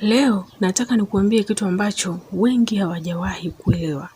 Leo nataka nikuambie kitu ambacho wengi hawajawahi kuelewa.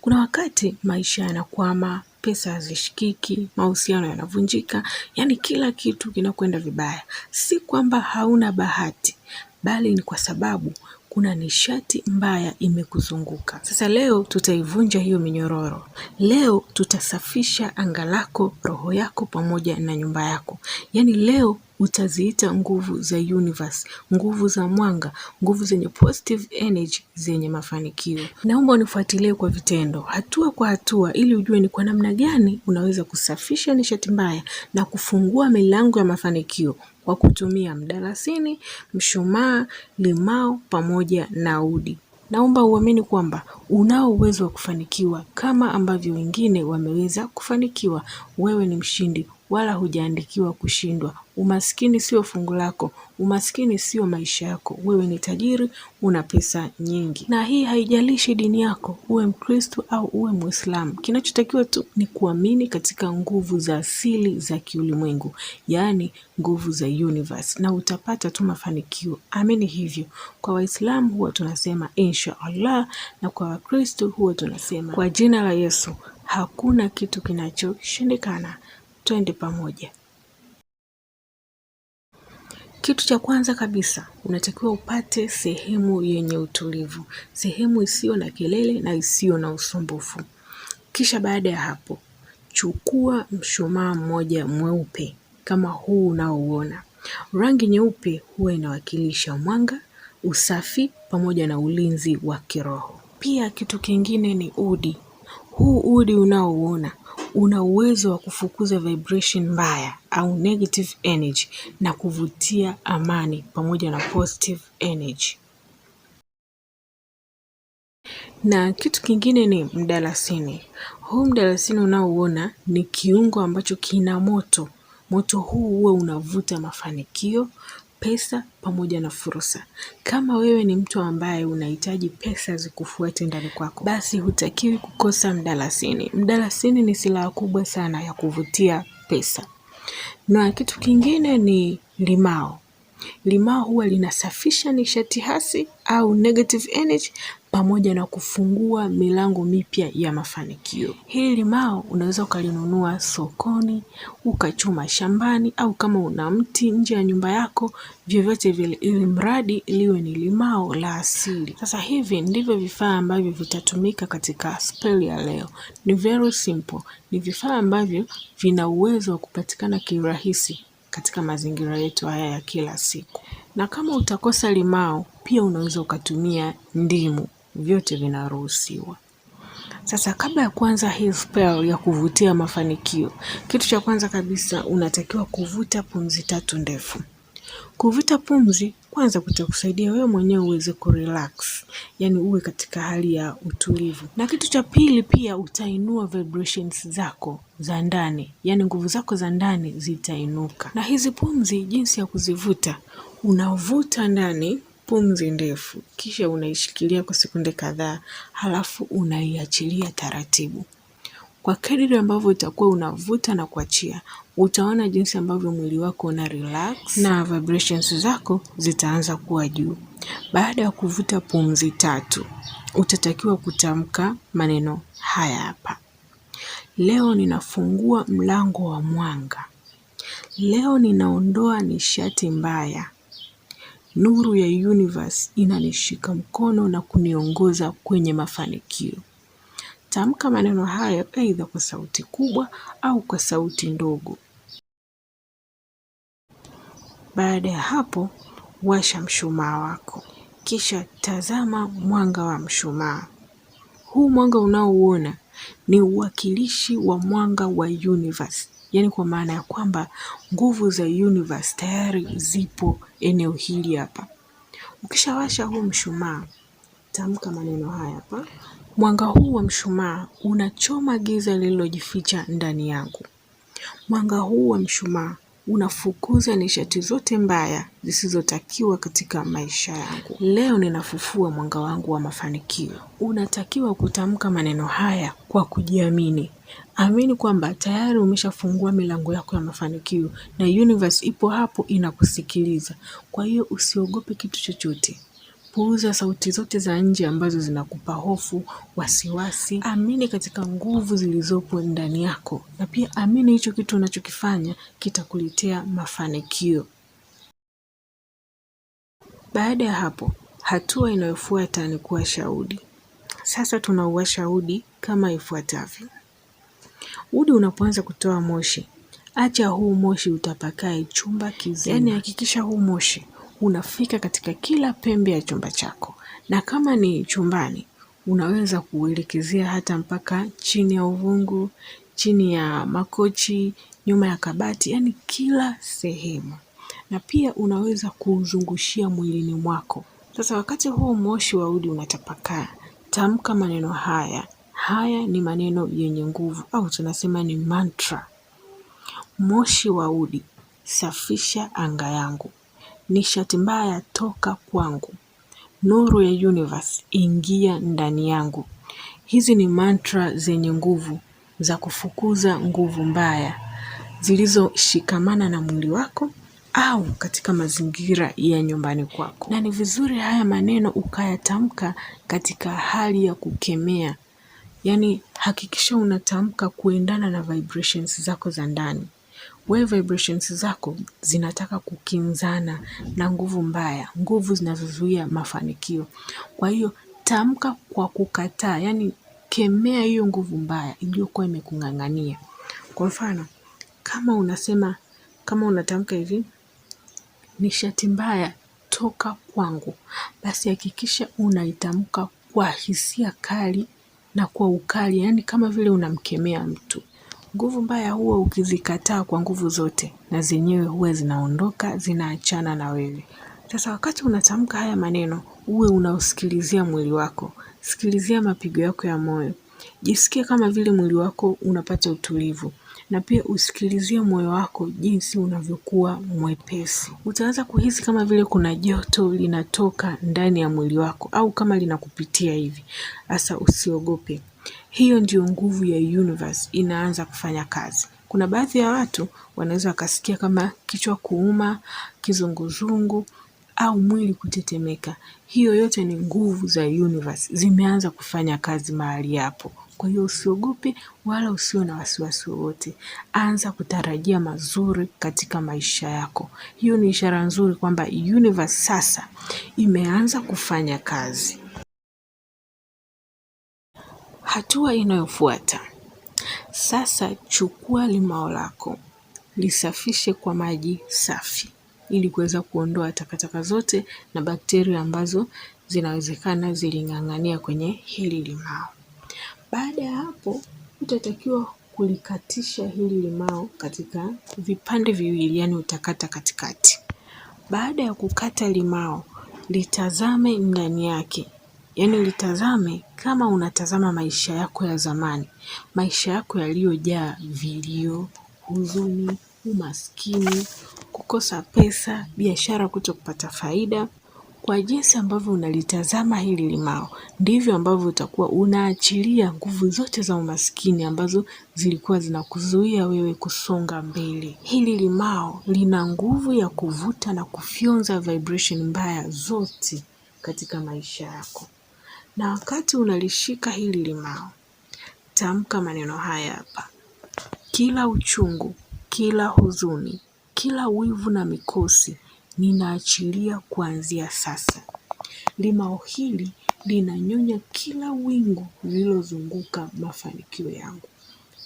Kuna wakati maisha yanakwama, pesa hazishikiki, mahusiano yanavunjika, yaani kila kitu kinakwenda vibaya. Si kwamba hauna bahati, bali ni kwa sababu kuna nishati mbaya imekuzunguka. Sasa leo tutaivunja hiyo minyororo. Leo tutasafisha anga lako, roho yako pamoja na nyumba yako. Yaani leo utaziita nguvu za universe, nguvu za mwanga, nguvu zenye positive energy, zenye mafanikio. Naomba unifuatilie kwa vitendo, hatua kwa hatua, ili ujue ni kwa namna gani unaweza kusafisha nishati mbaya na kufungua milango ya mafanikio kwa kutumia mdalasini, mshumaa, limao pamoja na udi. Naomba uamini kwamba unao uwezo wa kufanikiwa kama ambavyo wengine wameweza kufanikiwa. Wewe ni mshindi, wala hujaandikiwa kushindwa. Umaskini sio fungu lako, umaskini sio maisha yako. Wewe ni tajiri, una pesa nyingi, na hii haijalishi dini yako, uwe Mkristo au uwe Mwislamu. Kinachotakiwa tu ni kuamini katika nguvu za asili za kiulimwengu, yaani nguvu za universe, na utapata tu mafanikio. Amini hivyo. Kwa Waislamu huwa tunasema insha Allah, na kwa Wakristo huwa tunasema kwa jina la Yesu. Hakuna kitu kinachoshindikana twende pamoja. Kitu cha kwanza kabisa unatakiwa upate sehemu yenye utulivu, sehemu isiyo na kelele na isiyo na usumbufu. Kisha baada ya hapo, chukua mshumaa mmoja mweupe kama huu unaouona. Rangi nyeupe huwa inawakilisha mwanga, usafi pamoja na ulinzi wa kiroho. Pia kitu kingine ni udi. Huu udi unaouona una uwezo wa kufukuza vibration mbaya au negative energy na kuvutia amani pamoja na positive energy. Na kitu kingine ni mdalasini. Huu mdalasini unaouona ni kiungo ambacho kina moto. Moto huu huwa unavuta mafanikio, pesa pamoja na fursa. Kama wewe ni mtu ambaye unahitaji pesa zikufuate ndani kwako, basi hutakiwi kukosa mdalasini. Mdalasini ni silaha kubwa sana ya kuvutia pesa. Na kitu kingine ni limao. Limao huwa linasafisha nishati hasi au negative energy pamoja na kufungua milango mipya ya mafanikio. Hili limao unaweza ukalinunua sokoni, ukachuma shambani, au kama una mti nje ya nyumba yako, vyovyote vile, ili mradi liwe ni limao la asili. Sasa hivi ndivyo vifaa ambavyo vitatumika katika spell ya leo. Ni very simple, ni vifaa ambavyo vina uwezo wa kupatikana kirahisi katika mazingira yetu haya ya kila siku. Na kama utakosa limao, pia unaweza ukatumia ndimu vyote vinaruhusiwa. Sasa kabla ya kuanza hii spell ya kuvutia mafanikio, kitu cha kwanza kabisa unatakiwa kuvuta pumzi tatu ndefu. Kuvuta pumzi kwanza kutakusaidia wewe mwenyewe uweze kurelax, yani uwe katika hali ya utulivu. Na kitu cha pili pia utainua vibrations zako za ndani, yani nguvu zako za ndani zitainuka. Na hizi pumzi, jinsi ya kuzivuta, unavuta ndani pumzi ndefu, kisha unaishikilia kwa sekunde kadhaa, halafu unaiachilia taratibu. Kwa kadiri ambavyo utakuwa unavuta na kuachia, utaona jinsi ambavyo mwili wako una relax na vibrations zako zitaanza kuwa juu. Baada ya kuvuta pumzi tatu, utatakiwa kutamka maneno haya hapa: leo ninafungua mlango wa mwanga, leo ninaondoa nishati mbaya, Nuru ya Universe inanishika mkono na kuniongoza kwenye mafanikio. Tamka maneno hayo aidha kwa sauti kubwa au kwa sauti ndogo. Baada ya hapo, washa mshumaa wako, kisha tazama mwanga wa mshumaa. Huu mwanga unaouona ni uwakilishi wa mwanga wa Universe yani kwa maana ya kwamba nguvu za universe tayari zipo eneo hili hapa. Ukishawasha huu mshumaa, tamka maneno haya hapa: mwanga huu wa mshumaa unachoma giza lililojificha ndani yangu. Mwanga huu wa mshumaa unafukuza nishati zote mbaya zisizotakiwa katika maisha yangu. Leo ninafufua mwanga wangu wa mafanikio. Unatakiwa kutamka maneno haya kwa kujiamini. Amini kwamba tayari umeshafungua milango yako ya mafanikio na universe ipo hapo inakusikiliza. Kwa hiyo usiogope kitu chochote. Puuza sauti zote za nje ambazo zinakupa hofu, wasiwasi. Amini katika nguvu zilizopo ndani yako, na pia amini hicho kitu unachokifanya kitakuletea mafanikio. Baada ya hapo, hatua inayofuata ni kuwasha udi. Sasa tunauwasha udi kama ifuatavyo. Udi unapoanza kutoa moshi, acha huu moshi utapakae chumba kizima, yaani hakikisha huu moshi unafika katika kila pembe ya chumba chako, na kama ni chumbani unaweza kuelekezea hata mpaka chini ya uvungu, chini ya makochi, nyuma ya kabati, yani kila sehemu. Na pia unaweza kuuzungushia mwilini mwako. Sasa wakati huo moshi wa udi unatapakaa, tamka maneno haya. Haya ni maneno yenye nguvu, au tunasema ni mantra: moshi wa udi, safisha anga yangu, Nishati mbaya toka kwangu, nuru ya universe ingia ndani yangu. Hizi ni mantra zenye nguvu za kufukuza nguvu mbaya zilizoshikamana na mwili wako au katika mazingira ya nyumbani kwako, na ni vizuri haya maneno ukayatamka katika hali ya kukemea. Yaani hakikisha unatamka kuendana na vibrations zako za ndani wewe vibrations zako zinataka kukinzana na nguvu mbaya, nguvu zinazozuia mafanikio. Kwa hiyo tamka kwa kukataa, yani kemea hiyo nguvu mbaya iliyokuwa imekung'ang'ania. Kwa mfano kama unasema, kama unatamka hivi, nishati mbaya toka kwangu, basi hakikisha unaitamka kwa hisia kali na kwa ukali, yani kama vile unamkemea mtu. Nguvu mbaya huwa ukizikataa kwa nguvu zote, na zenyewe huwa zinaondoka zinaachana na wewe. Sasa wakati unatamka haya maneno, uwe unausikilizia mwili wako, sikilizia mapigo yako ya moyo. Jisikie kama vile mwili wako unapata utulivu na pia usikilizie moyo wako jinsi unavyokuwa mwepesi. Utaanza kuhisi kama vile kuna joto linatoka ndani ya mwili wako au kama linakupitia hivi. Hasa usiogope. Hiyo ndio nguvu ya universe inaanza kufanya kazi. Kuna baadhi ya watu wanaweza wakasikia kama kichwa kuuma, kizunguzungu au mwili kutetemeka. Hiyo yote ni nguvu za universe zimeanza kufanya kazi mahali hapo. Kwa hiyo usiogope wala usio na wasiwasi wowote. Anza kutarajia mazuri katika maisha yako. Hiyo ni ishara nzuri kwamba universe sasa imeanza kufanya kazi. Hatua inayofuata sasa, chukua limao lako lisafishe kwa maji safi ili kuweza kuondoa takataka zote na bakteria ambazo zinawezekana ziling'ang'ania kwenye hili limao. Baada ya hapo, utatakiwa kulikatisha hili limao katika vipande viwili, yaani utakata katikati. Baada ya kukata limao, litazame ndani yake yaani ulitazame kama unatazama maisha yako ya zamani, maisha yako yaliyojaa vilio, huzuni, umaskini, kukosa pesa, biashara kuto kupata faida. Kwa jinsi ambavyo unalitazama hili limao, ndivyo ambavyo utakuwa unaachilia nguvu zote za umaskini ambazo zilikuwa zinakuzuia wewe kusonga mbele. Hili limao lina nguvu ya kuvuta na kufyonza vibration mbaya zote katika maisha yako na wakati unalishika hili limao, tamka maneno haya hapa: kila uchungu, kila huzuni, kila wivu na mikosi ninaachilia kuanzia sasa. Limao hili linanyonya kila wingu lililozunguka mafanikio yangu.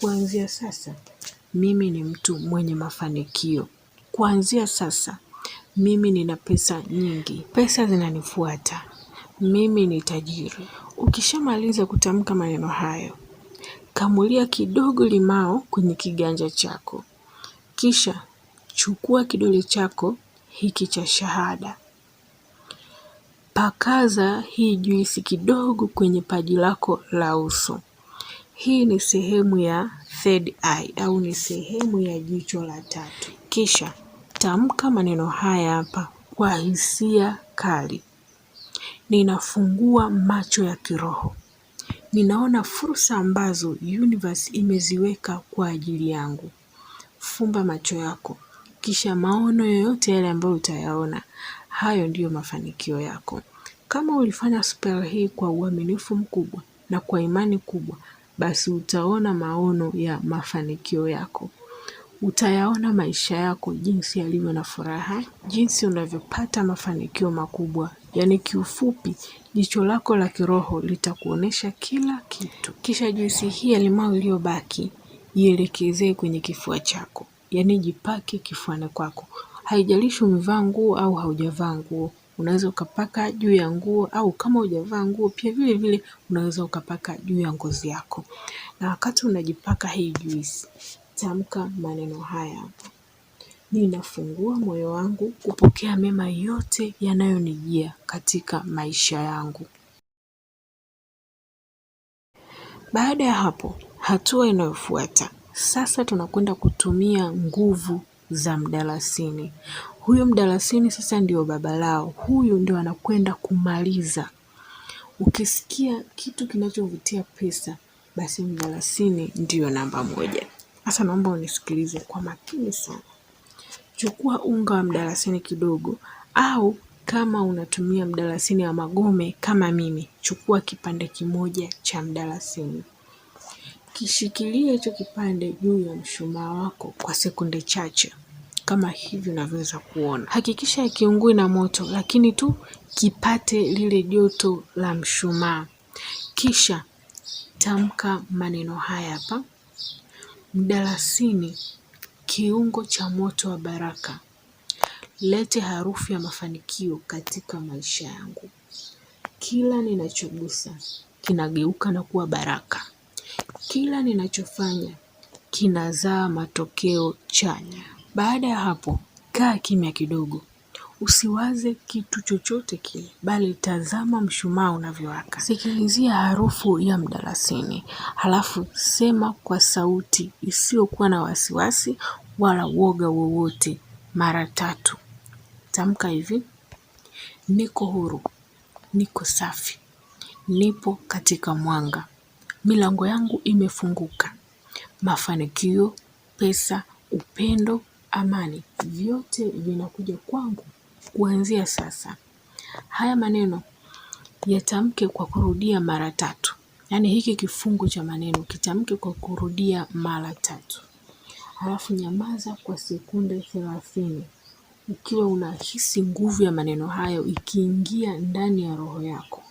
Kuanzia sasa mimi ni mtu mwenye mafanikio. Kuanzia sasa mimi nina pesa nyingi, pesa zinanifuata mimi ni tajiri. Ukishamaliza kutamka maneno hayo, kamulia kidogo limao kwenye kiganja chako, kisha chukua kidole chako hiki cha shahada, pakaza hii juisi kidogo kwenye paji lako la uso. Hii ni sehemu ya third eye au ni sehemu ya jicho la tatu. Kisha tamka maneno haya hapa kwa hisia kali ninafungua macho ya kiroho. Ninaona fursa ambazo universe imeziweka kwa ajili yangu. Fumba macho yako, kisha maono yoyote yale ambayo utayaona, hayo ndiyo mafanikio yako. Kama ulifanya spell hii kwa uaminifu mkubwa na kwa imani kubwa, basi utaona maono ya mafanikio yako. Utayaona maisha yako jinsi yalivyo na furaha, jinsi unavyopata mafanikio makubwa Yaani kiufupi, jicho lako la kiroho litakuonesha kila kitu. Kisha juisi hii ya limau iliyobaki ielekezee kwenye kifua chako, yaani jipake kifuani kwako. Haijalishi umevaa nguo au haujavaa nguo, unaweza ukapaka juu ya nguo, au kama hujavaa nguo pia vile vile unaweza ukapaka juu ya ngozi yako. Na wakati unajipaka hii juisi, tamka maneno haya. Ninafungua moyo wangu kupokea mema yote yanayonijia katika maisha yangu. Baada ya hapo, hatua inayofuata. Sasa tunakwenda kutumia nguvu za mdalasini. Huyo mdalasini sasa ndio baba lao. Huyu ndio anakwenda kumaliza. Ukisikia kitu kinachovutia pesa, basi mdalasini ndiyo namba moja. Sasa naomba unisikilize kwa makini sana chukua unga wa mdalasini kidogo au kama unatumia mdalasini wa magome kama mimi, chukua kipande kimoja cha mdalasini. Kishikilie hicho kipande juu ya mshumaa wako kwa sekunde chache kama hivi unavyoweza kuona. Hakikisha hakiungui na moto, lakini tu kipate lile joto la mshumaa. Kisha tamka maneno haya hapa: mdalasini Kiungo cha moto wa baraka. Lete harufu ya mafanikio katika maisha yangu. Kila ninachogusa kinageuka na kuwa baraka. Kila ninachofanya kinazaa matokeo chanya. Baada ya hapo, kaa kimya kidogo, Usiwaze kitu chochote kile, bali tazama mshumaa unavyowaka. Sikilizia harufu ya mdalasini, halafu sema kwa sauti isiyokuwa na wasiwasi wala woga wowote. Mara tatu tamka hivi: niko huru, niko safi, nipo katika mwanga, milango yangu imefunguka. Mafanikio, pesa, upendo, amani, vyote vinakuja kwangu Kuanzia sasa haya maneno yatamke kwa kurudia mara tatu, yaani hiki kifungu cha maneno kitamke kwa kurudia mara tatu, halafu nyamaza kwa sekunde thelathini ukiwa unahisi nguvu ya maneno hayo ikiingia ndani ya roho yako,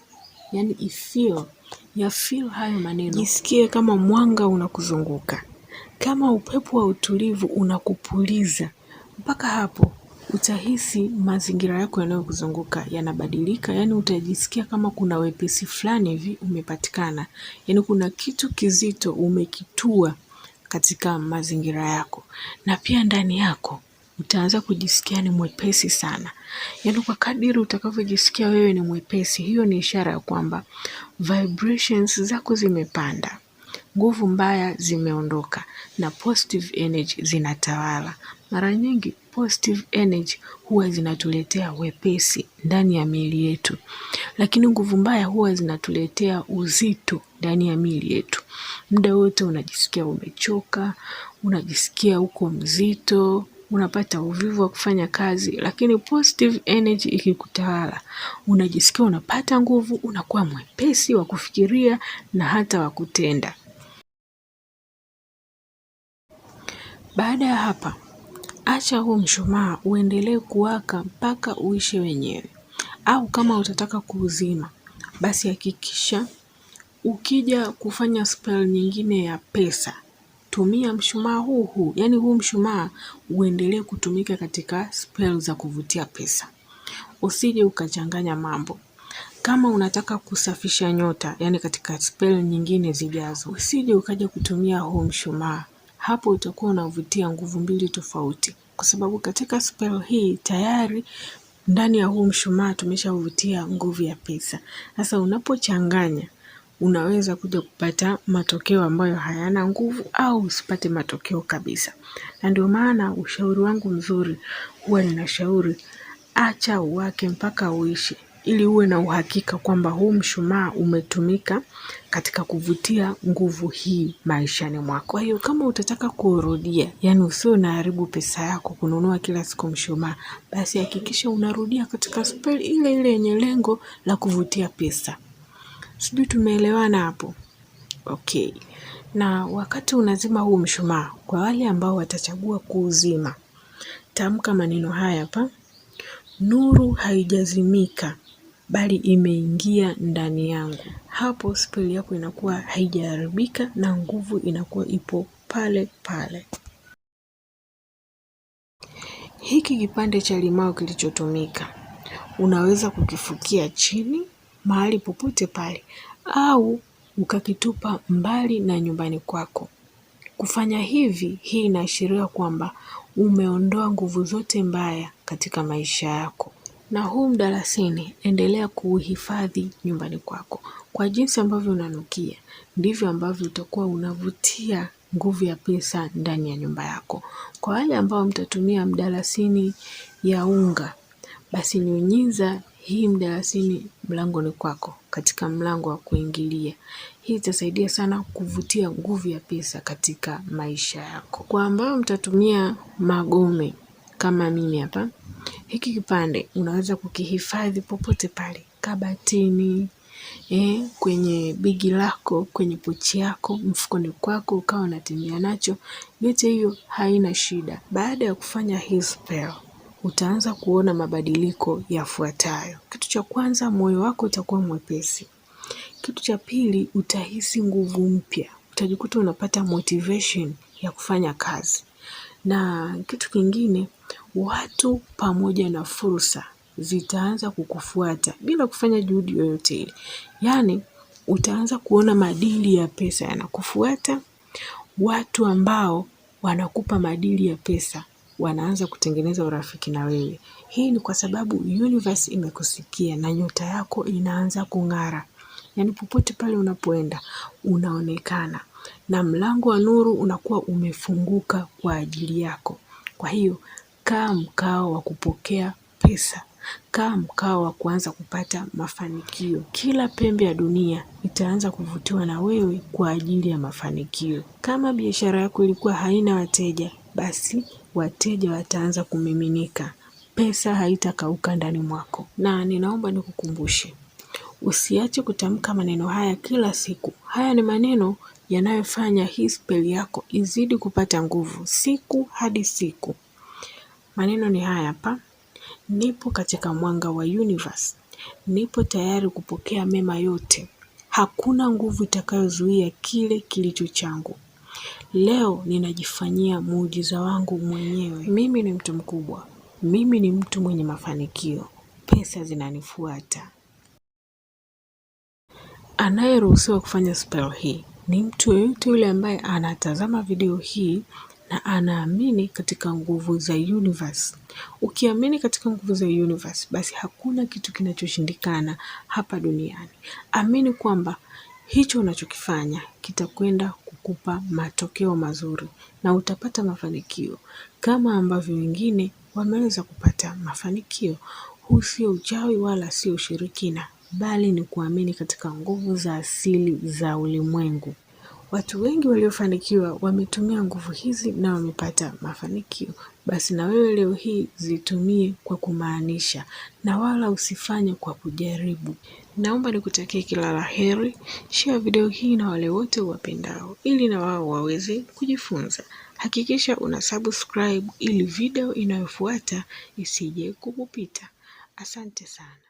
yaani ifio ya feel hayo maneno, jisikie kama mwanga unakuzunguka, kama upepo wa utulivu unakupuliza. Mpaka hapo utahisi mazingira yako yanayokuzunguka yanabadilika, yani utajisikia kama kuna wepesi fulani hivi umepatikana, yani kuna kitu kizito umekitua katika mazingira yako, na pia ndani yako utaanza kujisikia ni mwepesi sana. Yaani kwa kadiri utakavyojisikia wewe ni mwepesi, hiyo ni ishara ya kwamba vibrations zako zimepanda, nguvu mbaya zimeondoka na positive energy zinatawala. Mara nyingi positive energy huwa zinatuletea wepesi ndani ya miili yetu, lakini nguvu mbaya huwa zinatuletea uzito ndani ya miili yetu. Muda wote unajisikia umechoka, unajisikia uko mzito, unapata uvivu wa kufanya kazi, lakini positive energy ikikutawala, unajisikia unapata nguvu, unakuwa mwepesi wa kufikiria na hata wa kutenda. Baada ya hapa acha huu mshumaa uendelee kuwaka mpaka uishe wenyewe, au kama utataka kuuzima basi hakikisha ukija kufanya spell nyingine ya pesa tumia mshumaa huu huu, yaani huu mshumaa uendelee kutumika katika spell za kuvutia pesa, usije ukachanganya mambo. Kama unataka kusafisha nyota, yani katika spell nyingine zijazo, usije ukaja kutumia huu mshumaa hapo utakuwa unavutia nguvu mbili tofauti, kwa sababu katika spell hii tayari ndani ya huu mshumaa tumeshavutia nguvu ya pesa. Sasa unapochanganya unaweza kuja kupata matokeo ambayo hayana nguvu au usipate matokeo kabisa. Na ndio maana ushauri wangu mzuri huwa ninashauri acha uwake mpaka uishi, ili uwe na uhakika kwamba huu mshumaa umetumika katika kuvutia nguvu hii maishani mwako. Kwa hiyo kama utataka kurudia, yani usio unaharibu pesa yako kununua kila siku mshumaa, basi hakikisha unarudia katika spell ile ile yenye lengo la kuvutia pesa. Sijui tumeelewana hapo? Okay. Na wakati unazima huu mshumaa, kwa wale ambao watachagua kuuzima, tamka maneno haya hapa: nuru haijazimika bali imeingia ndani yangu. Hapo spell yako inakuwa haijaharibika na nguvu inakuwa ipo pale pale. Hiki kipande cha limao kilichotumika unaweza kukifukia chini mahali popote pale, au ukakitupa mbali na nyumbani kwako. Kufanya hivi, hii inaashiria kwamba umeondoa nguvu zote mbaya katika maisha yako na huu mdalasini endelea kuuhifadhi nyumbani kwako. Kwa jinsi ambavyo unanukia, ndivyo ambavyo utakuwa unavutia nguvu ya pesa ndani ya nyumba yako. Kwa wale ambao mtatumia mdalasini ya unga, basi nyunyiza hii mdalasini ni kwako, katika mlango wa kuingilia. Hii itasaidia sana kuvutia nguvu ya pesa katika maisha yako. Kwa ambao mtatumia magome kama mimi hapa. Hiki kipande unaweza kukihifadhi popote pale, kabatini, eh, kwenye begi lako, kwenye pochi yako, mfukoni kwako, ukawa unatembea nacho. Yote hiyo haina shida. Baada ya kufanya hii spell utaanza kuona mabadiliko yafuatayo. Kitu cha kwanza, moyo wako utakuwa mwepesi. Kitu cha pili, utahisi nguvu mpya, utajikuta unapata motivation ya kufanya kazi. Na kitu kingine, watu pamoja na fursa zitaanza kukufuata bila kufanya juhudi yoyote ile. Yaani utaanza kuona madili ya pesa yanakufuata, watu ambao wanakupa madili ya pesa wanaanza kutengeneza urafiki na wewe. Hii ni kwa sababu universe imekusikia na nyota yako inaanza kung'ara. Yaani popote pale unapoenda unaonekana na mlango wa nuru unakuwa umefunguka kwa ajili yako. Kwa hiyo Kaa mkao wa kupokea pesa. Kaa mkao wa kuanza kupata mafanikio. Kila pembe ya dunia itaanza kuvutiwa na wewe kwa ajili ya mafanikio. Kama biashara yako ilikuwa haina wateja, basi wateja wataanza kumiminika, pesa haitakauka ndani mwako. Na ninaomba nikukumbushe, usiache kutamka maneno haya kila siku. Haya ni maneno yanayofanya hii speli yako izidi kupata nguvu siku hadi siku. Maneno ni haya hapa: nipo katika mwanga wa universe, nipo tayari kupokea mema yote, hakuna nguvu itakayozuia kile kilicho changu. Leo ninajifanyia muujiza wangu mwenyewe. Mimi ni mtu mkubwa, mimi ni mtu mwenye mafanikio, pesa zinanifuata. Anayeruhusiwa kufanya spell hii ni mtu yeyote yule ambaye anatazama video hii na anaamini katika nguvu za universe. Ukiamini katika nguvu za universe, basi hakuna kitu kinachoshindikana hapa duniani. Amini kwamba hicho unachokifanya kitakwenda kukupa matokeo mazuri na utapata mafanikio kama ambavyo wengine wameweza kupata mafanikio. Huu sio uchawi wala sio ushirikina, bali ni kuamini katika nguvu za asili za ulimwengu. Watu wengi waliofanikiwa wametumia nguvu hizi na wamepata mafanikio. Basi na wewe leo hii zitumie kwa kumaanisha na wala usifanye kwa kujaribu. Naomba nikutakie kila la heri. Share video hii na wale wote uwapendao ili na wao waweze kujifunza. Hakikisha una subscribe ili video inayofuata isije kukupita. Asante sana.